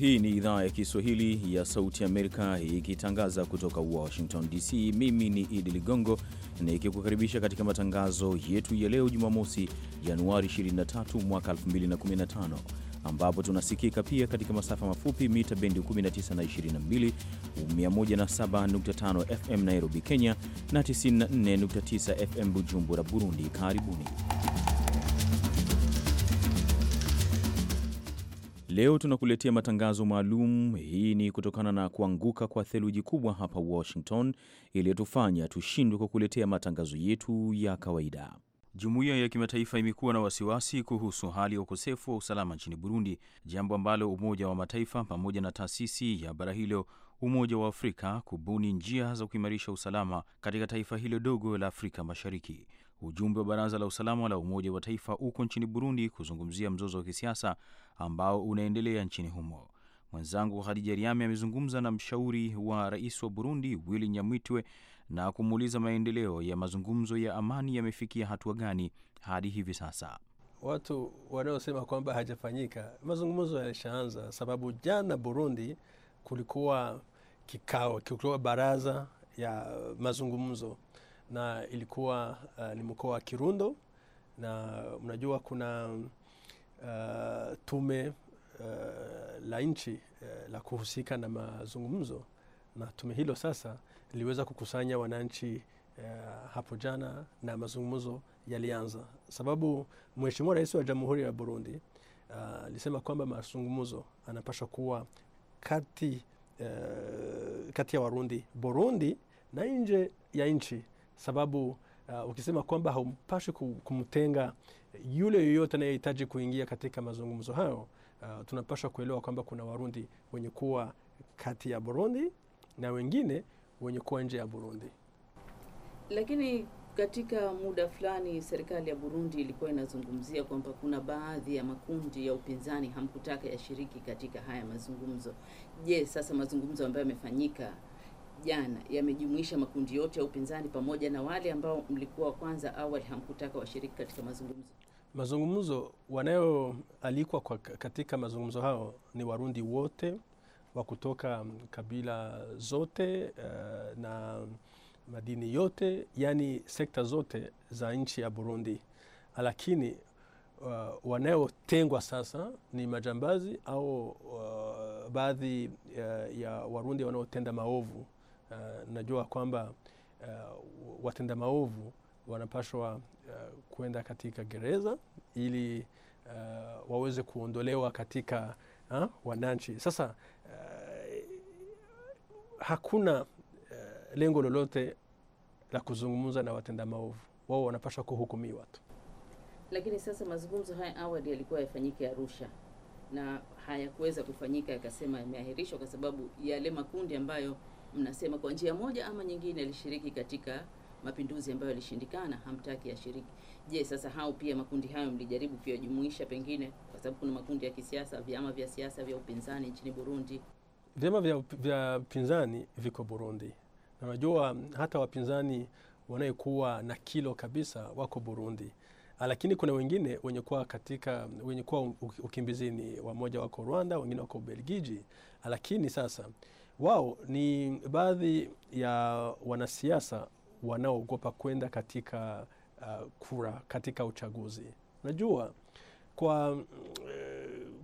Hii ni idhaa ya Kiswahili ya Sauti Amerika ikitangaza kutoka Washington DC. Mimi ni Idi Ligongo nikikukaribisha katika matangazo yetu ya leo Jumamosi, Januari 23 mwaka 2015 ambapo tunasikika pia katika masafa mafupi mita bendi 19 na 22, 107.5 FM Nairobi, Kenya na 94.9 FM Bujumbura, Burundi. Karibuni. Leo tunakuletea matangazo maalum. Hii ni kutokana na kuanguka kwa theluji kubwa hapa Washington iliyotufanya tushindwe kukuletea matangazo yetu ya kawaida. Jumuiya ya kimataifa imekuwa na wasiwasi kuhusu hali ya ukosefu wa usalama nchini Burundi, jambo ambalo Umoja wa Mataifa pamoja na taasisi ya bara hilo Umoja wa Afrika kubuni njia za kuimarisha usalama katika taifa hilo dogo la Afrika Mashariki. Ujumbe wa Baraza la Usalama la Umoja wa Taifa uko nchini Burundi kuzungumzia mzozo wa kisiasa ambao unaendelea nchini humo. Mwenzangu Khadija Riami amezungumza na mshauri wa rais wa Burundi Willy nyamwitwe na kumuuliza maendeleo ya mazungumzo ya amani yamefikia hatua gani hadi hivi sasa. Watu wanaosema kwamba hajafanyika mazungumzo, yalishaanza sababu jana Burundi kulikuwa kikao, kulikuwa baraza ya mazungumzo na ilikuwa uh, ni mkoa wa Kirundo, na mnajua kuna uh, tume uh, la nchi uh, la kuhusika na mazungumzo, na tume hilo sasa liweza kukusanya wananchi uh, hapo jana na mazungumzo yalianza, sababu Mheshimiwa Rais wa Jamhuri ya Burundi alisema uh, kwamba mazungumzo anapaswa kuwa kati, uh, kati ya Warundi Burundi na nje ya nchi sababu uh, ukisema kwamba haumpashi kumtenga yule yoyote anayehitaji kuingia katika mazungumzo hayo, uh, tunapashwa kuelewa kwamba kuna Warundi wenye kuwa kati ya Burundi na wengine wenye kuwa nje ya Burundi. Lakini katika muda fulani serikali ya Burundi ilikuwa inazungumzia kwamba kuna baadhi ya makundi ya upinzani hamkutaka yashiriki katika haya mazungumzo. Je, sasa mazungumzo ambayo yamefanyika jana yamejumuisha makundi yote ya upinzani pamoja na wale ambao mlikuwa wa kwanza awali hamkutaka washiriki katika mazungumzo. Mazungumzo wanayoalikwa katika mazungumzo hao ni Warundi wote wa kutoka kabila zote uh, na madini yote, yani sekta zote za nchi ya Burundi, lakini uh, eh, wanaotengwa sasa ni majambazi au uh, baadhi uh, ya Warundi wanaotenda maovu uh, najua kwamba uh, watenda maovu wanapaswa uh, eh, kwenda katika gereza ili uh, waweze kuondolewa katika uh, wananchi. Sasa uh, hakuna uh, lengo lolote la kuzungumza na watenda maovu, wao wanapaswa kuhukumiwa tu. Lakini sasa mazungumzo haya awali yalikuwa yafanyike Arusha na hayakuweza kufanyika, yakasema yameahirishwa kwa sababu yale makundi ambayo mnasema kwa njia moja ama nyingine alishiriki katika mapinduzi ambayo yalishindikana, hamtaki ashiriki. Je, sasa hao pia makundi hayo mlijaribu kuyajumuisha pengine, kwa sababu kuna makundi ya kisiasa, vyama vya siasa vya upinzani nchini Burundi? Vyama vya vya upinzani viko Burundi, na unajua hata wapinzani wanayekuwa na kilo kabisa wako Burundi, ah, lakini kuna wengine wenye kuwa katika wenye kuwa ukimbizini, wamoja wako Rwanda, wengine wako Ubelgiji, ah, lakini sasa wao ni baadhi ya wanasiasa wanaoogopa kwenda katika uh, kura katika uchaguzi. najua kwa uh,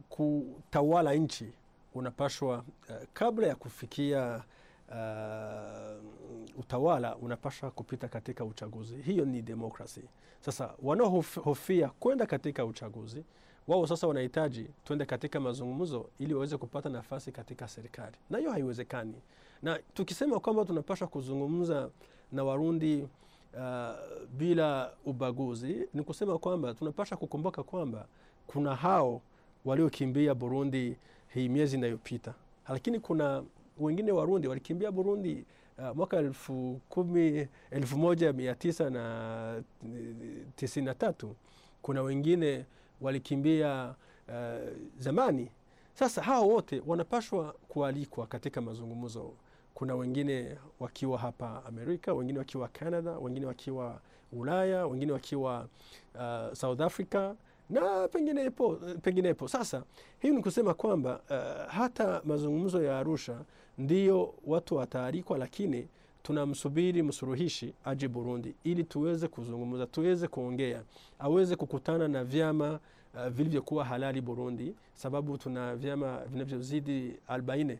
kutawala nchi unapashwa uh, kabla ya kufikia uh, utawala unapashwa kupita katika uchaguzi. Hiyo ni demokrasi. Sasa wanaohofia kwenda katika uchaguzi wao sasa wanahitaji tuende katika mazungumzo ili waweze kupata nafasi katika serikali, na hiyo haiwezekani. Na tukisema kwamba tunapaswa kuzungumza na Warundi uh, bila ubaguzi, ni kusema kwamba tunapaswa kukumbuka kwamba kuna hao waliokimbia Burundi hii miezi inayopita, lakini kuna wengine Warundi walikimbia Burundi uh, mwaka elfu kumi elfu moja mia tisa na eh, tisini na tatu kuna wengine walikimbia uh, zamani. Sasa hao wote wanapashwa kualikwa katika mazungumzo. Kuna wengine wakiwa hapa Amerika, wengine wakiwa Canada, wengine wakiwa Ulaya, wengine wakiwa uh, South Africa na penginepo, penginepo. Sasa hii ni kusema kwamba uh, hata mazungumzo ya Arusha ndiyo watu wataalikwa, lakini tunamsubiri msuruhishi aje Burundi ili tuweze kuzungumza, tuweze kuongea, aweze kukutana na vyama uh, vilivyokuwa halali Burundi, sababu tuna vyama vinavyozidi arobaini,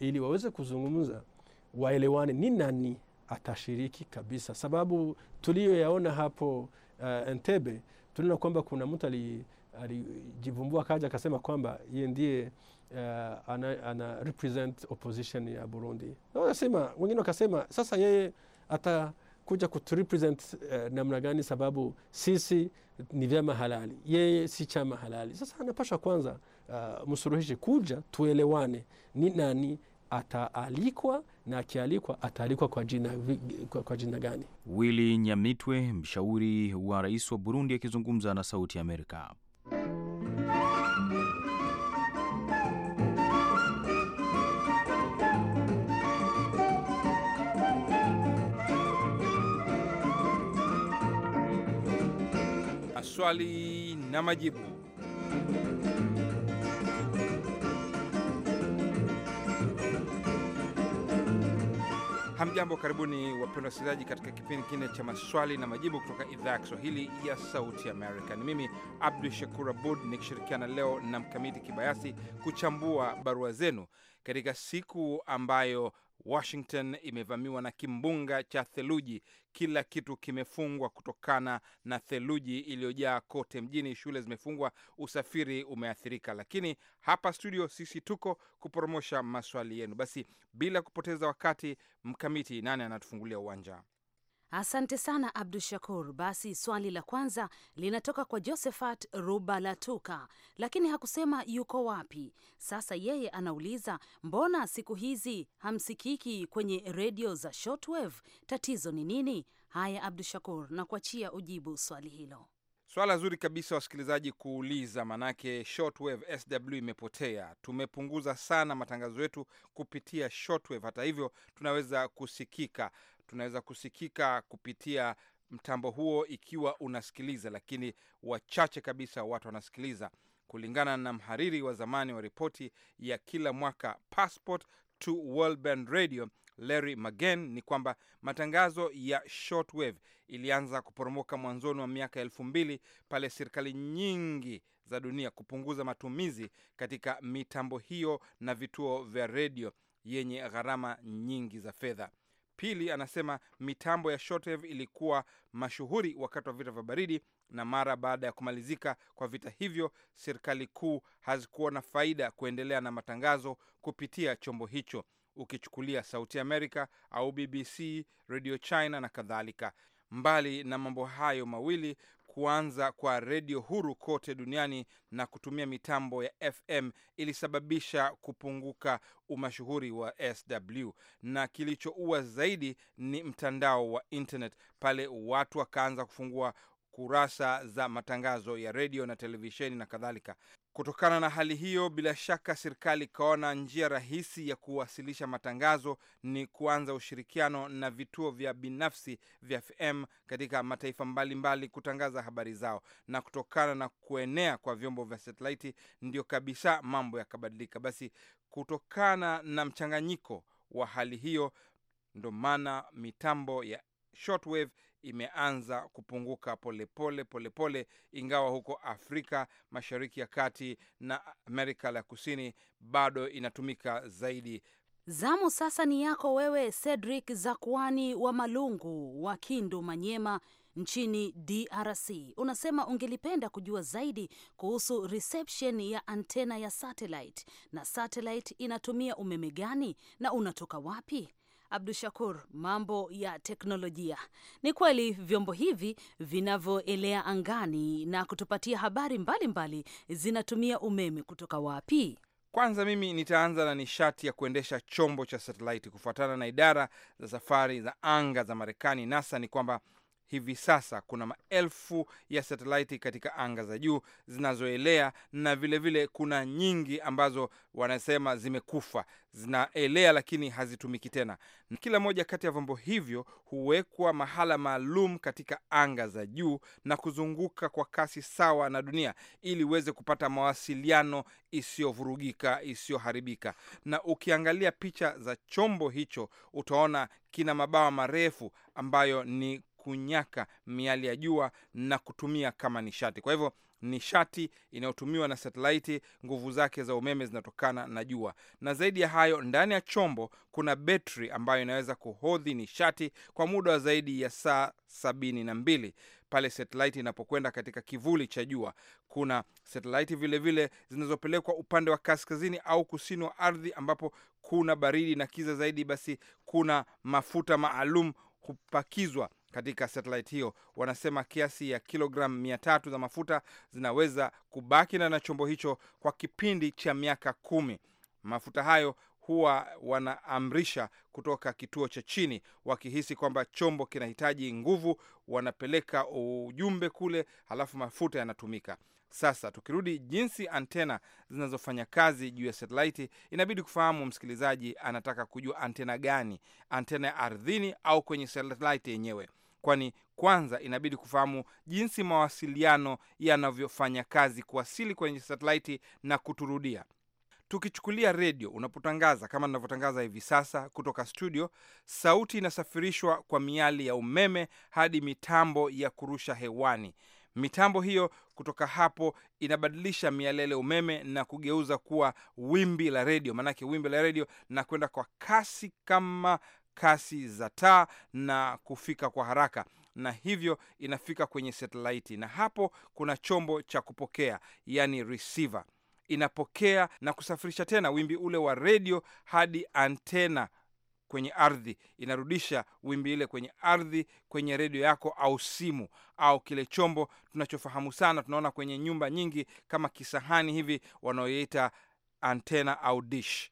ili waweze kuzungumza, waelewane ni nani atashiriki kabisa, sababu tuliyoyaona hapo uh, Entebbe tunaona kwamba kuna mtu ali alijivumbua kaja akasema kwamba ye ndiye uh, ana, ana represent opposition ya Burundi. Nasema wengine wakasema sasa yeye atakuja kuturepresent uh, eh, namna gani? Sababu sisi ni vyama halali, yeye si chama halali. Sasa anapasha kwanza uh, eh, msuruhishi kuja tuelewane, ni nani ataalikwa na akialikwa ataalikwa kwa jina, kwa, kwa jina gani? wili Nyamitwe, mshauri wa rais wa Burundi, akizungumza na Sauti Amerika. maswali na majibu. Hamjambo, karibuni wapendwa wasikilizaji, katika kipindi kingine cha maswali na majibu kutoka idhaa ya Kiswahili ya Sauti Amerika. Ni mimi Abdu Shakur Abud nikishirikiana leo na Mkamiti Kibayasi kuchambua barua zenu katika siku ambayo Washington imevamiwa na kimbunga cha theluji. Kila kitu kimefungwa kutokana na theluji iliyojaa kote mjini. Shule zimefungwa, usafiri umeathirika, lakini hapa studio sisi tuko kuporomosha maswali yenu. Basi bila kupoteza wakati, Mkamiti nani anatufungulia uwanja? Asante sana Abdu Shakur. Basi swali la kwanza linatoka kwa Josephat Rubalatuka, lakini hakusema yuko wapi. Sasa yeye anauliza mbona siku hizi hamsikiki kwenye redio za shortwave? Tatizo ni nini? Haya, Abdu Shakur, na kuachia ujibu swali hilo. Swala zuri kabisa wasikilizaji kuuliza, maanake shortwave SW imepotea. Tumepunguza sana matangazo yetu kupitia shortwave. Hata hivyo, tunaweza kusikika tunaweza kusikika kupitia mtambo huo ikiwa unasikiliza, lakini wachache kabisa watu wanasikiliza, kulingana na mhariri wa zamani wa ripoti ya kila mwaka Passport to World Band Radio Larry Magen ni kwamba matangazo ya shortwave ilianza kuporomoka mwanzoni wa miaka elfu mbili pale serikali nyingi za dunia kupunguza matumizi katika mitambo hiyo na vituo vya redio yenye gharama nyingi za fedha. Pili, anasema mitambo ya shortwave ilikuwa mashuhuri wakati wa vita vya baridi, na mara baada ya kumalizika kwa vita hivyo, serikali kuu hazikuona faida kuendelea na matangazo kupitia chombo hicho, ukichukulia Sauti Amerika au BBC, Radio China na kadhalika. Mbali na mambo hayo mawili, kuanza kwa redio huru kote duniani na kutumia mitambo ya FM ilisababisha kupunguka umashuhuri wa SW, na kilichoua zaidi ni mtandao wa internet, pale watu wakaanza kufungua kurasa za matangazo ya redio na televisheni na kadhalika. Kutokana na hali hiyo, bila shaka serikali ikaona njia rahisi ya kuwasilisha matangazo ni kuanza ushirikiano na vituo vya binafsi vya FM katika mataifa mbalimbali mbali kutangaza habari zao, na kutokana na kuenea kwa vyombo vya satelaiti ndio kabisa mambo yakabadilika. Basi kutokana na mchanganyiko wa hali hiyo, ndo maana mitambo ya shortwave imeanza kupunguka polepole polepole pole, ingawa huko Afrika Mashariki ya Kati na Amerika ya Kusini bado inatumika zaidi. Zamu sasa ni yako wewe Cedric Zakwani wa Malungu wa Kindu Manyema nchini DRC. Unasema ungelipenda kujua zaidi kuhusu reception ya antena ya satellite na satellite inatumia umeme gani na unatoka wapi? Abdu Shakur, mambo ya teknolojia. Ni kweli vyombo hivi vinavyoelea angani na kutupatia habari mbalimbali mbali, zinatumia umeme kutoka wapi? Kwanza mimi nitaanza na nishati ya kuendesha chombo cha satelaiti. Kufuatana na idara za safari za anga za Marekani, NASA, ni kwamba hivi sasa kuna maelfu ya satelaiti katika anga za juu zinazoelea, na vilevile vile kuna nyingi ambazo wanasema zimekufa, zinaelea lakini hazitumiki tena. Kila moja kati ya vyombo hivyo huwekwa mahala maalum katika anga za juu na kuzunguka kwa kasi sawa na dunia, ili uweze kupata mawasiliano isiyovurugika, isiyoharibika. Na ukiangalia picha za chombo hicho utaona kina mabawa marefu ambayo ni kunyaka miali ya jua na kutumia kama nishati. Kwa hivyo nishati inayotumiwa na satelaiti, nguvu zake za umeme zinatokana na jua, na zaidi ya hayo, ndani ya chombo kuna betri ambayo inaweza kuhodhi nishati kwa muda wa zaidi ya saa sabini na mbili pale satelaiti inapokwenda katika kivuli cha jua. Kuna satelaiti vilevile zinazopelekwa upande wa kaskazini au kusini wa ardhi ambapo kuna baridi na kiza zaidi, basi kuna mafuta maalum kupakizwa katika satelit hiyo wanasema kiasi ya kilogramu mia tatu za mafuta zinaweza kubaki na chombo hicho kwa kipindi cha miaka kumi. Mafuta hayo huwa wanaamrisha kutoka kituo cha chini, wakihisi kwamba chombo kinahitaji nguvu, wanapeleka ujumbe kule, halafu mafuta yanatumika. Sasa tukirudi jinsi antena zinazofanya kazi juu ya satelaiti, inabidi kufahamu msikilizaji anataka kujua antena gani, antena ya ardhini au kwenye satelaiti yenyewe kwani kwanza inabidi kufahamu jinsi mawasiliano yanavyofanya kazi, kuwasili kwenye satelaiti na kuturudia. Tukichukulia redio, unapotangaza kama ninavyotangaza hivi sasa kutoka studio, sauti inasafirishwa kwa miali ya umeme hadi mitambo ya kurusha hewani. Mitambo hiyo kutoka hapo inabadilisha mialele umeme na kugeuza kuwa wimbi la redio, maanake wimbi la redio na kwenda kwa kasi kama kasi za taa na kufika kwa haraka na hivyo inafika kwenye satelaiti, na hapo kuna chombo cha kupokea, yani receiver, inapokea na kusafirisha tena wimbi ule wa redio hadi antena kwenye ardhi, inarudisha wimbi ile kwenye ardhi, kwenye redio yako au simu au kile chombo tunachofahamu sana, tunaona kwenye nyumba nyingi kama kisahani hivi, wanaoita antena au dish.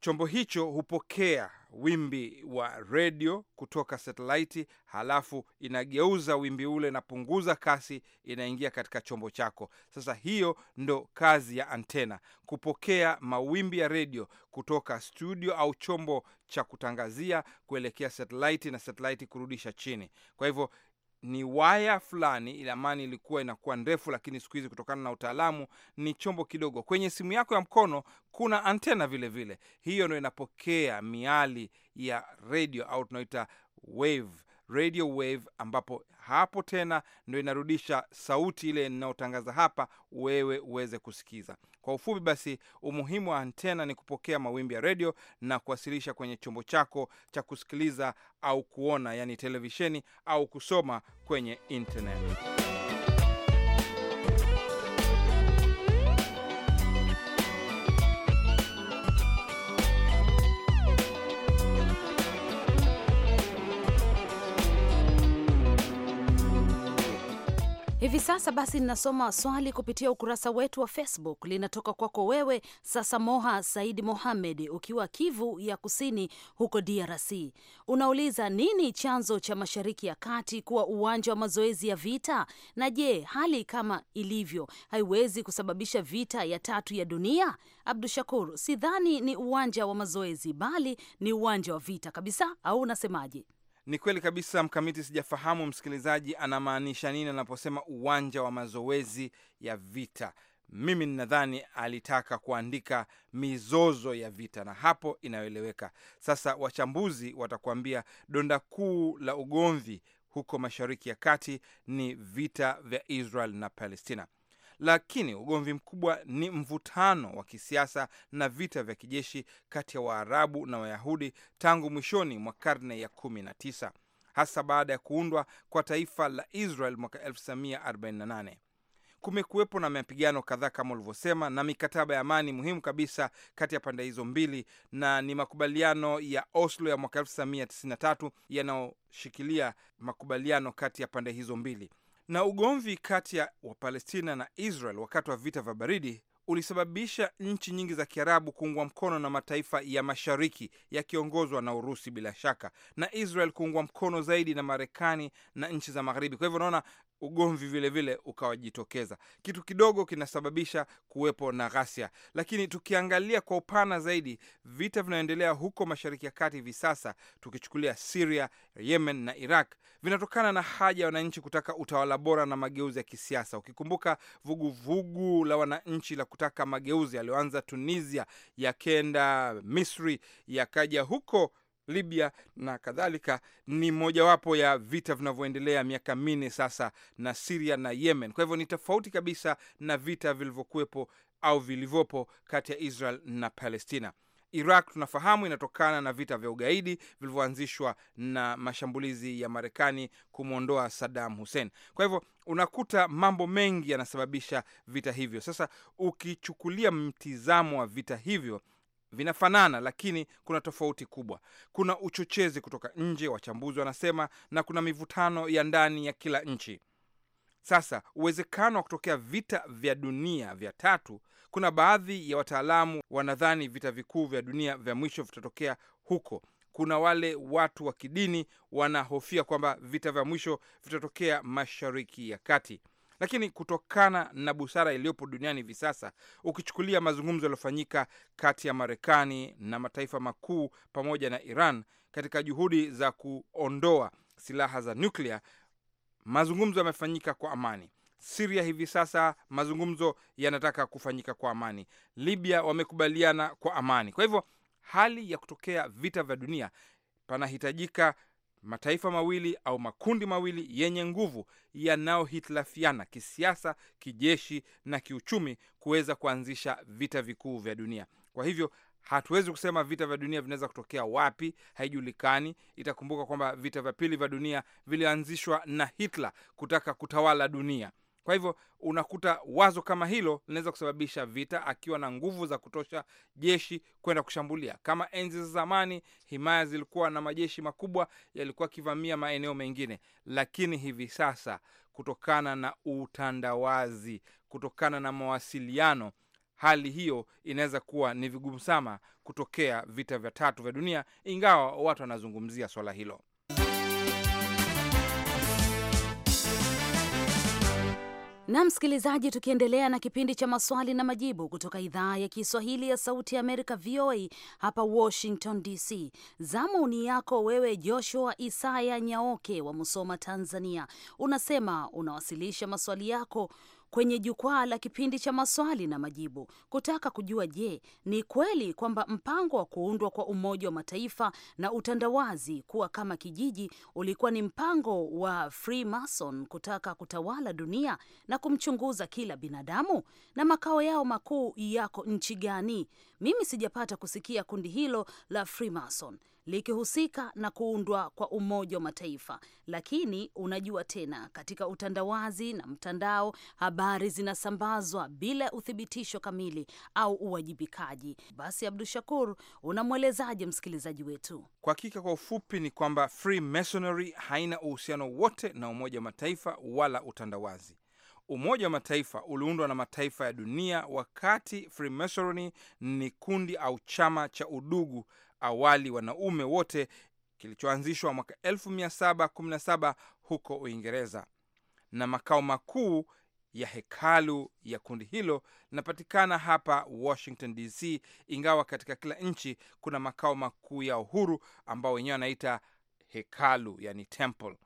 Chombo hicho hupokea wimbi wa redio kutoka satelaiti, halafu inageuza wimbi ule, inapunguza kasi, inaingia katika chombo chako. Sasa hiyo ndo kazi ya antena, kupokea mawimbi ya redio kutoka studio au chombo cha kutangazia kuelekea satelaiti, na satelaiti kurudisha chini. Kwa hivyo ni waya fulani, ilamani ilikuwa inakuwa ndefu, lakini siku hizi kutokana na utaalamu ni chombo kidogo. Kwenye simu yako ya mkono kuna antena vilevile vile. Hiyo ndio inapokea miali ya radio au tunaita wave radio wave, ambapo hapo tena ndio inarudisha sauti ile inayotangaza hapa, wewe uweze kusikiza. Kwa ufupi basi, umuhimu wa antena ni kupokea mawimbi ya redio na kuwasilisha kwenye chombo chako cha kusikiliza au kuona, yani televisheni au kusoma kwenye intenet Hivi sasa basi, ninasoma swali kupitia ukurasa wetu wa Facebook. Linatoka kwako wewe sasa, Moha Saidi Mohamed, ukiwa Kivu ya Kusini huko DRC. Unauliza, nini chanzo cha Mashariki ya Kati kuwa uwanja wa mazoezi ya vita, na je, hali kama ilivyo haiwezi kusababisha vita ya tatu ya dunia? Abdu Shakur, sidhani ni uwanja wa mazoezi, bali ni uwanja wa vita kabisa, au unasemaje? Ni kweli kabisa Mkamiti, sijafahamu msikilizaji anamaanisha nini anaposema uwanja wa mazoezi ya vita. Mimi ninadhani alitaka kuandika mizozo ya vita, na hapo inayoeleweka sasa. Wachambuzi watakuambia donda kuu la ugomvi huko Mashariki ya Kati ni vita vya Israel na Palestina lakini ugomvi mkubwa ni mvutano wa kisiasa na vita vya kijeshi kati ya Waarabu na Wayahudi tangu mwishoni mwa karne ya kumi na tisa hasa baada ya kuundwa kwa taifa la Israel mwaka 1948. Kumekuwepo na mapigano kadhaa kama ulivyosema, na mikataba ya amani muhimu kabisa kati ya pande hizo mbili, na ni makubaliano ya Oslo ya mwaka 1993 yanayoshikilia makubaliano kati ya pande hizo mbili. Na ugomvi kati ya Wapalestina na Israel wakati wa vita vya baridi ulisababisha nchi nyingi za Kiarabu kuungwa mkono na mataifa ya Mashariki yakiongozwa na Urusi bila shaka, na Israel kuungwa mkono zaidi na Marekani na nchi za Magharibi. Kwa hivyo unaona ugomvi vilevile ukawajitokeza. Kitu kidogo kinasababisha kuwepo na ghasia, lakini tukiangalia kwa upana zaidi vita vinayoendelea huko Mashariki ya Kati hivi sasa, tukichukulia Siria, Yemen na Iraq, vinatokana na haja ya wananchi kutaka utawala bora na mageuzi ya kisiasa. Ukikumbuka vuguvugu vugu la wananchi la kutaka mageuzi yaliyoanza Tunisia, yakenda Misri, yakaja huko Libya na kadhalika, ni mojawapo ya vita vinavyoendelea miaka minne sasa na Siria na Yemen. Kwa hivyo ni tofauti kabisa na vita vilivyokuwepo au vilivyopo kati ya Israel na Palestina. Iraq tunafahamu inatokana na vita vya ugaidi vilivyoanzishwa na mashambulizi ya Marekani kumwondoa Saddam Hussein. Kwa hivyo unakuta mambo mengi yanasababisha vita hivyo. Sasa ukichukulia mtizamo wa vita hivyo vinafanana, lakini kuna tofauti kubwa. Kuna uchochezi kutoka nje, wachambuzi wanasema, na kuna mivutano ya ndani ya kila nchi. Sasa uwezekano wa kutokea vita vya dunia vya tatu, kuna baadhi ya wataalamu wanadhani vita vikuu vya dunia vya mwisho vitatokea huko. Kuna wale watu wa kidini wanahofia kwamba vita vya mwisho vitatokea Mashariki ya Kati. Lakini kutokana na busara iliyopo duniani hivi sasa, ukichukulia mazungumzo yaliyofanyika kati ya Marekani na mataifa makuu pamoja na Iran katika juhudi za kuondoa silaha za nyuklia, mazungumzo yamefanyika kwa amani. Siria hivi sasa mazungumzo yanataka kufanyika kwa amani. Libya wamekubaliana kwa amani. Kwa hivyo hali ya kutokea vita vya dunia panahitajika mataifa mawili au makundi mawili yenye nguvu yanayohitilafiana kisiasa, kijeshi na kiuchumi kuweza kuanzisha vita vikuu vya dunia. Kwa hivyo hatuwezi kusema vita vya dunia vinaweza kutokea wapi, haijulikani. Itakumbuka kwamba vita vya pili vya dunia vilianzishwa na Hitler kutaka kutawala dunia. Kwa hivyo unakuta wazo kama hilo linaweza kusababisha vita, akiwa na nguvu za kutosha jeshi kwenda kushambulia. Kama enzi za zamani, himaya zilikuwa na majeshi makubwa yalikuwa akivamia maeneo mengine, lakini hivi sasa kutokana na utandawazi, kutokana na mawasiliano, hali hiyo inaweza kuwa ni vigumu sana kutokea vita vya tatu vya dunia, ingawa watu wanazungumzia swala hilo. Na msikilizaji, tukiendelea na kipindi cha maswali na majibu kutoka idhaa ya Kiswahili ya Sauti ya Amerika, VOA hapa Washington DC. Zamu ni yako wewe, Joshua Isaya Nyaoke wa Musoma, Tanzania. Unasema unawasilisha maswali yako kwenye jukwaa la kipindi cha maswali na majibu kutaka kujua, je, ni kweli kwamba mpango wa kuundwa kwa Umoja wa Mataifa na utandawazi kuwa kama kijiji ulikuwa ni mpango wa Freemason kutaka kutawala dunia na kumchunguza kila binadamu, na makao yao makuu yako nchi gani? Mimi sijapata kusikia kundi hilo la Freemason likihusika na kuundwa kwa Umoja wa Mataifa. Lakini unajua tena, katika utandawazi na mtandao, habari zinasambazwa bila uthibitisho kamili au uwajibikaji. Basi Abdu Shakur, unamwelezaje msikilizaji wetu? Kwa hakika, kwa ufupi ni kwamba Freemasonry haina uhusiano wote na Umoja wa Mataifa wala utandawazi. Umoja wa Mataifa uliundwa na mataifa ya dunia, wakati Freemasonry ni kundi au chama cha udugu awali wanaume wote kilichoanzishwa mwaka 1717 huko Uingereza, na makao makuu ya hekalu ya kundi hilo linapatikana hapa Washington DC, ingawa katika kila nchi kuna makao makuu ya uhuru ambao wenyewe wanaita hekalu, yani temple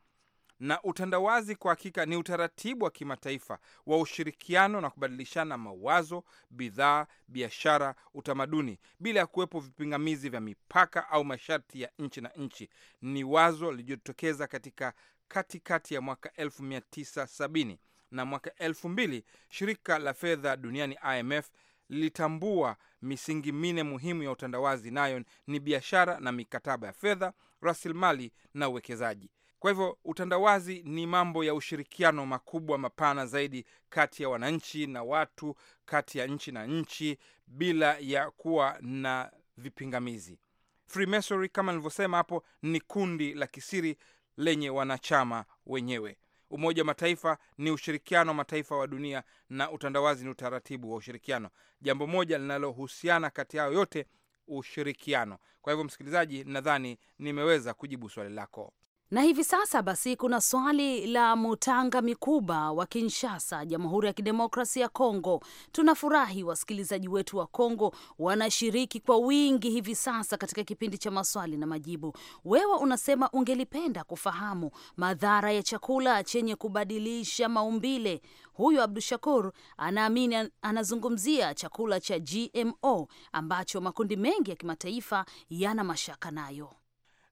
na utandawazi kwa hakika ni utaratibu wa kimataifa wa ushirikiano na kubadilishana mawazo, bidhaa, biashara, utamaduni bila ya kuwepo vipingamizi vya mipaka au masharti ya nchi na nchi. Ni wazo lilijitokeza katika katikati kati ya mwaka 1970 na mwaka 2000 shirika la fedha duniani IMF lilitambua misingi mine muhimu ya utandawazi, nayo ni biashara na mikataba ya fedha, rasilimali na uwekezaji. Kwa hivyo utandawazi ni mambo ya ushirikiano makubwa mapana zaidi kati ya wananchi na watu, kati ya nchi na nchi, bila ya kuwa na vipingamizi. Freemasonry kama nilivyosema hapo ni kundi la kisiri lenye wanachama wenyewe. Umoja wa Mataifa ni ushirikiano wa mataifa wa dunia na utandawazi ni utaratibu wa ushirikiano. Jambo moja linalohusiana kati yao yote, ushirikiano. Kwa hivyo, msikilizaji, nadhani nimeweza kujibu swali lako. Na hivi sasa basi, kuna swali la Mutanga Mikuba wa Kinshasa, Jamhuri ya Kidemokrasia ya Kongo. Tunafurahi wasikilizaji wetu wa Kongo wanashiriki kwa wingi hivi sasa katika kipindi cha maswali na majibu. Wewe unasema ungelipenda kufahamu madhara ya chakula chenye kubadilisha maumbile. Huyu Abdu Shakur anaamini anazungumzia chakula cha GMO ambacho makundi mengi ya kimataifa yana mashaka nayo.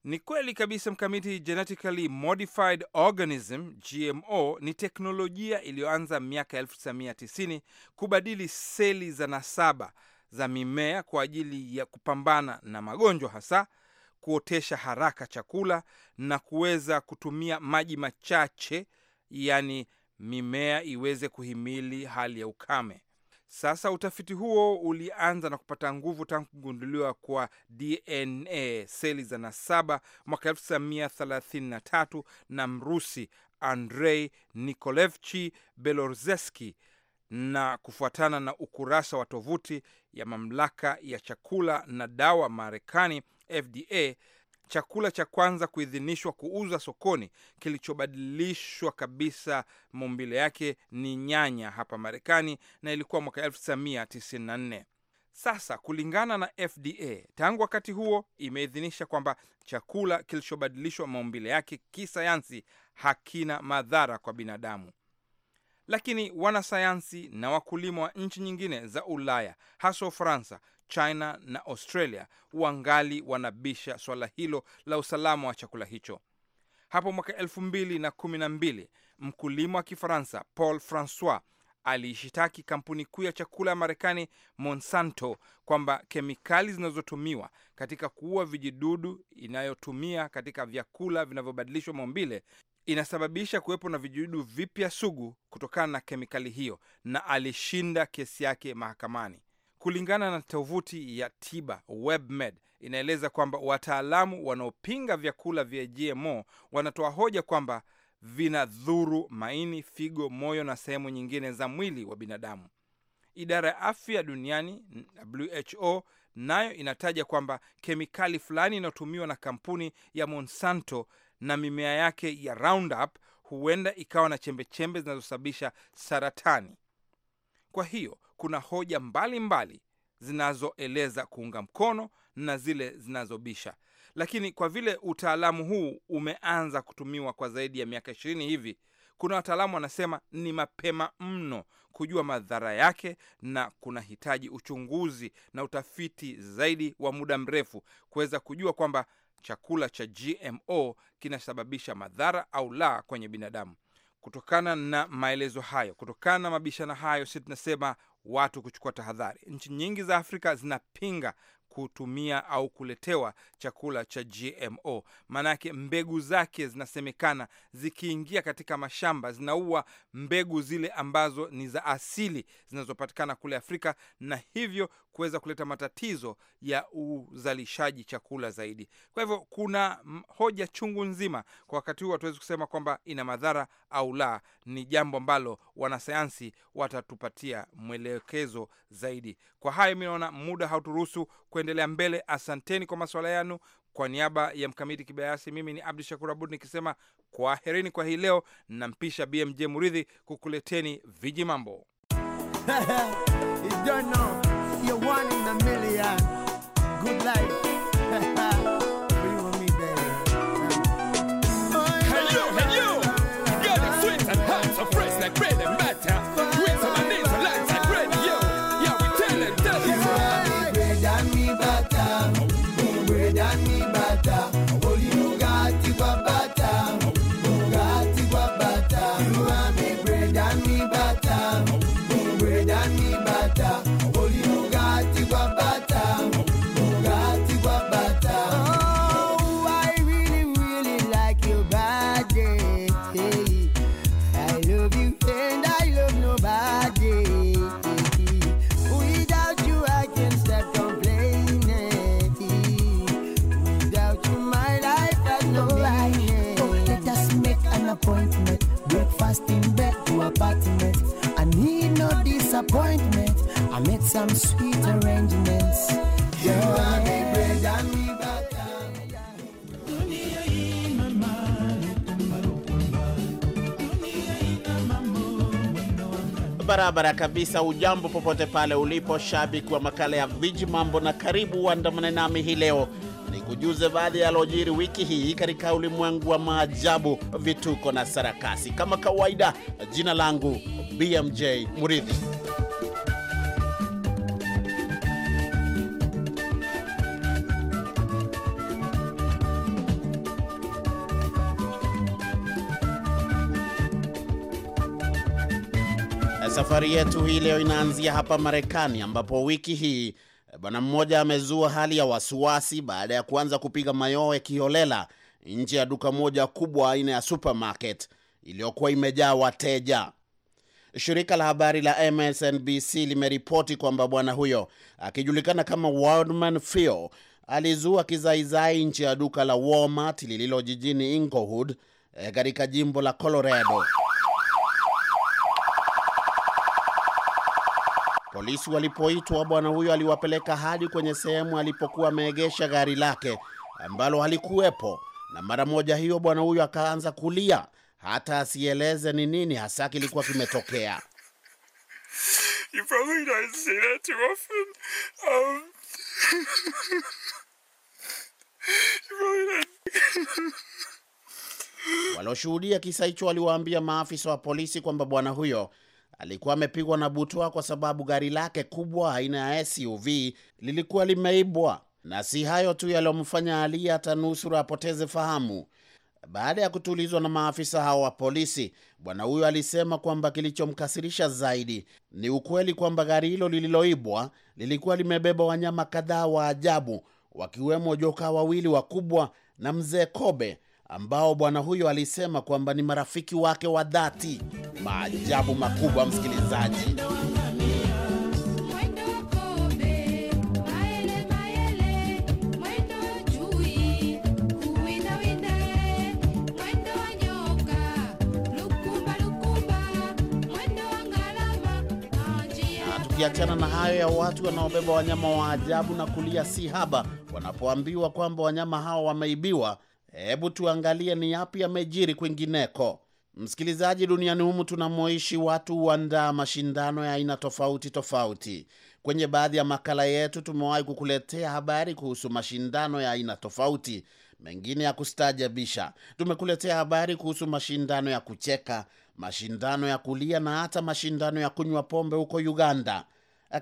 Ni kweli kabisa mkamiti. Genetically modified organism GMO ni teknolojia iliyoanza miaka 1990 kubadili seli za nasaba za mimea kwa ajili ya kupambana na magonjwa, hasa kuotesha haraka chakula na kuweza kutumia maji machache, yani mimea iweze kuhimili hali ya ukame. Sasa utafiti huo ulianza na kupata nguvu tangu kugunduliwa kwa DNA seli za nasaba mwaka 1933 na Mrusi Andrei Nikolevchi Belorzeski na kufuatana na ukurasa wa tovuti ya mamlaka ya chakula na dawa Marekani, FDA, chakula cha kwanza kuidhinishwa kuuzwa sokoni kilichobadilishwa kabisa maumbile yake ni nyanya hapa Marekani, na ilikuwa mwaka 1994. Sasa kulingana na FDA, tangu wakati huo imeidhinisha kwamba chakula kilichobadilishwa maumbile yake kisayansi hakina madhara kwa binadamu. Lakini wanasayansi na wakulima wa nchi nyingine za Ulaya, hasa Ufaransa, China na Australia wangali wanabisha swala hilo la usalama wa chakula hicho. Hapo mwaka elfu mbili na kumi na mbili mkulima wa Kifaransa Paul Francois aliishitaki kampuni kuu ya chakula ya Marekani Monsanto kwamba kemikali zinazotumiwa katika kuua vijidudu inayotumia katika vyakula vinavyobadilishwa maumbile inasababisha kuwepo na vijidudu vipya sugu kutokana na kemikali hiyo, na alishinda kesi yake mahakamani. Kulingana na tovuti ya tiba WebMed, inaeleza kwamba wataalamu wanaopinga vyakula vya GMO wanatoa hoja kwamba vinadhuru maini, figo, moyo na sehemu nyingine za mwili wa binadamu. Idara ya afya duniani WHO nayo inataja kwamba kemikali fulani inayotumiwa na kampuni ya Monsanto na mimea yake ya Roundup huenda ikawa na chembechembe zinazosababisha saratani kwa hiyo kuna hoja mbalimbali zinazoeleza kuunga mkono na zile zinazobisha, lakini kwa vile utaalamu huu umeanza kutumiwa kwa zaidi ya miaka ishirini hivi, kuna wataalamu wanasema ni mapema mno kujua madhara yake na kunahitaji uchunguzi na utafiti zaidi wa muda mrefu kuweza kujua kwamba chakula cha GMO kinasababisha madhara au la kwenye binadamu. Kutokana na maelezo hayo, kutokana na mabishano hayo, si tunasema watu kuchukua tahadhari. Nchi nyingi za Afrika zinapinga kutumia au kuletewa chakula cha GMO. Maanake mbegu zake zinasemekana zikiingia katika mashamba zinaua mbegu zile ambazo ni za asili zinazopatikana kule Afrika, na hivyo kuweza kuleta matatizo ya uzalishaji chakula zaidi. Kwa hivyo kuna hoja chungu nzima kwa wakati huu, hatuwezi kusema kwamba ina madhara au la. Ni jambo ambalo wanasayansi watatupatia mwelekezo zaidi. Kwa hayo, mi naona muda hauturuhusu kuendelea mbele. Asanteni kwa maswala yanu. Kwa niaba ya Mkamiti Kibayasi, mimi ni Abdu Shakur Abud nikisema kwaherini kwa hii leo. Nampisha BMJ Muridhi kukuleteni viji mambo some sweet arrangements. You are the bread Barabara kabisa. Ujambo popote pale ulipo, shabiki wa makala ya viji mambo, na karibu uandamane nami hii leo kujuze baadhi ya alojiri wiki hii katika ulimwengu wa maajabu, vituko na sarakasi. Kama kawaida, jina langu BMJ Muridhi. Eh, safari yetu hii leo inaanzia hapa Marekani, ambapo wiki hii eh, bwana mmoja amezua hali ya wasiwasi baada ya kuanza kupiga mayowe kiholela nje ya duka moja kubwa aina ya supermarket iliyokuwa imejaa wateja. Shirika la habari la MSNBC limeripoti kwamba bwana huyo akijulikana kama Waldman Phil alizua kizaizai nje ya duka la Walmart lililo jijini Inglewood eh, katika jimbo la Colorado. Polisi walipoitwa, bwana huyo aliwapeleka hadi kwenye sehemu alipokuwa ameegesha gari lake ambalo halikuwepo, na mara moja hiyo bwana huyo akaanza kulia, hata asieleze ni nini hasa kilikuwa kimetokea. Walioshuhudia kisa hicho waliwaambia maafisa wa polisi kwamba bwana huyo alikuwa amepigwa na butwa kwa sababu gari lake kubwa aina ya SUV lilikuwa limeibwa. Na si hayo tu yaliyomfanya Ali atanusura apoteze fahamu. Baada ya kutulizwa na maafisa hao wa polisi, bwana huyo alisema kwamba kilichomkasirisha zaidi ni ukweli kwamba gari hilo lililoibwa lilikuwa limebeba wanyama kadhaa wa ajabu, wakiwemo joka wawili wakubwa na mzee kobe ambao bwana huyo alisema kwamba ni marafiki wake wa dhati. Maajabu makubwa, msikilizaji. Tukiachana na hayo ya watu wanaobeba wanyama wa ajabu na kulia si haba wanapoambiwa kwamba wanyama hao wameibiwa Hebu tuangalie ni yapi yamejiri kwingineko. Msikilizaji, duniani humu tunamoishi watu huandaa mashindano ya aina tofauti tofauti. Kwenye baadhi ya makala yetu tumewahi kukuletea habari kuhusu mashindano ya aina tofauti, mengine ya kustaajabisha. Tumekuletea habari kuhusu mashindano ya kucheka, mashindano ya kulia na hata mashindano ya kunywa pombe huko Uganda.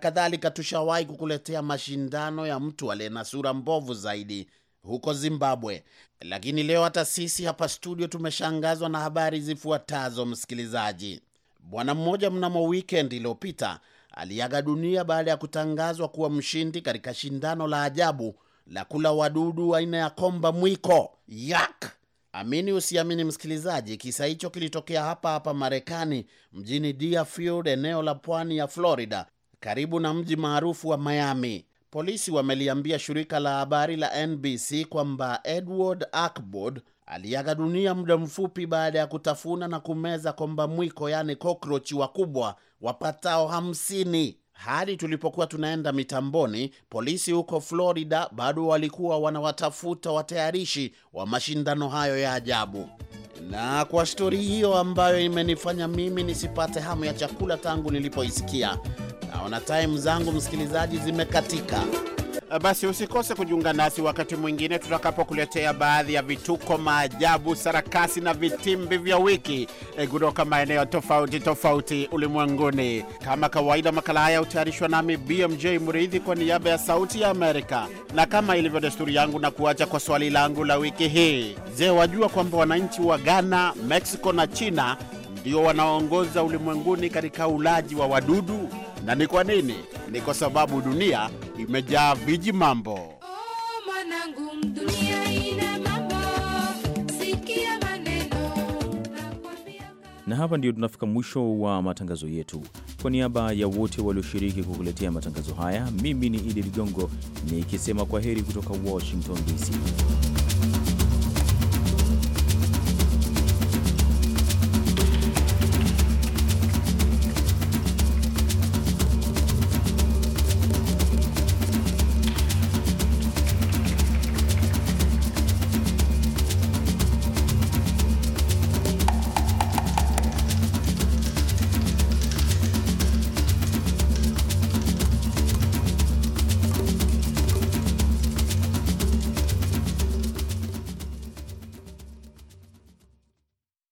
Kadhalika tushawahi kukuletea mashindano ya mtu aliye na sura mbovu zaidi huko Zimbabwe. Lakini leo hata sisi hapa studio tumeshangazwa na habari zifuatazo, msikilizaji. Bwana mmoja mnamo wikend iliyopita aliaga dunia baada ya kutangazwa kuwa mshindi katika shindano la ajabu la kula wadudu aina ya komba mwiko. Yak! Amini usiamini, msikilizaji, kisa hicho kilitokea hapa hapa Marekani, mjini Deerfield, eneo la pwani ya Florida, karibu na mji maarufu wa Miami. Polisi wameliambia shirika la habari la NBC kwamba Edward Akbod aliaga dunia muda mfupi baada ya kutafuna na kumeza komba mwiko, yaani kokrochi wakubwa wapatao hamsini. Hadi tulipokuwa tunaenda mitamboni, polisi huko Florida bado walikuwa wanawatafuta watayarishi wa mashindano hayo ya ajabu. Na kwa stori hiyo ambayo imenifanya mimi nisipate hamu ya chakula tangu nilipoisikia, naona taimu zangu msikilizaji zimekatika. Eh, basi usikose kujiunga nasi wakati mwingine tutakapokuletea baadhi ya vituko, maajabu, sarakasi na vitimbi vya wiki eh, kutoka maeneo tofauti tofauti ulimwenguni. Kama kawaida, makala haya hutayarishwa nami BMJ Mridhi kwa niaba ya Sauti ya Amerika, na kama ilivyo desturi yangu, na kuacha kwa swali langu la wiki hii. Je, wajua kwamba wananchi wa Ghana, Mexico na China ndio wanaoongoza ulimwenguni katika ulaji wa wadudu? Na ni kwa nini? Ni kwa sababu dunia imejaa viji mambo oh, na hapa ndio tunafika mwisho wa matangazo yetu. Kwa niaba ya wote walioshiriki kukuletea matangazo haya, mimi ni Idi Ligongo nikisema kwa heri kutoka Washington DC.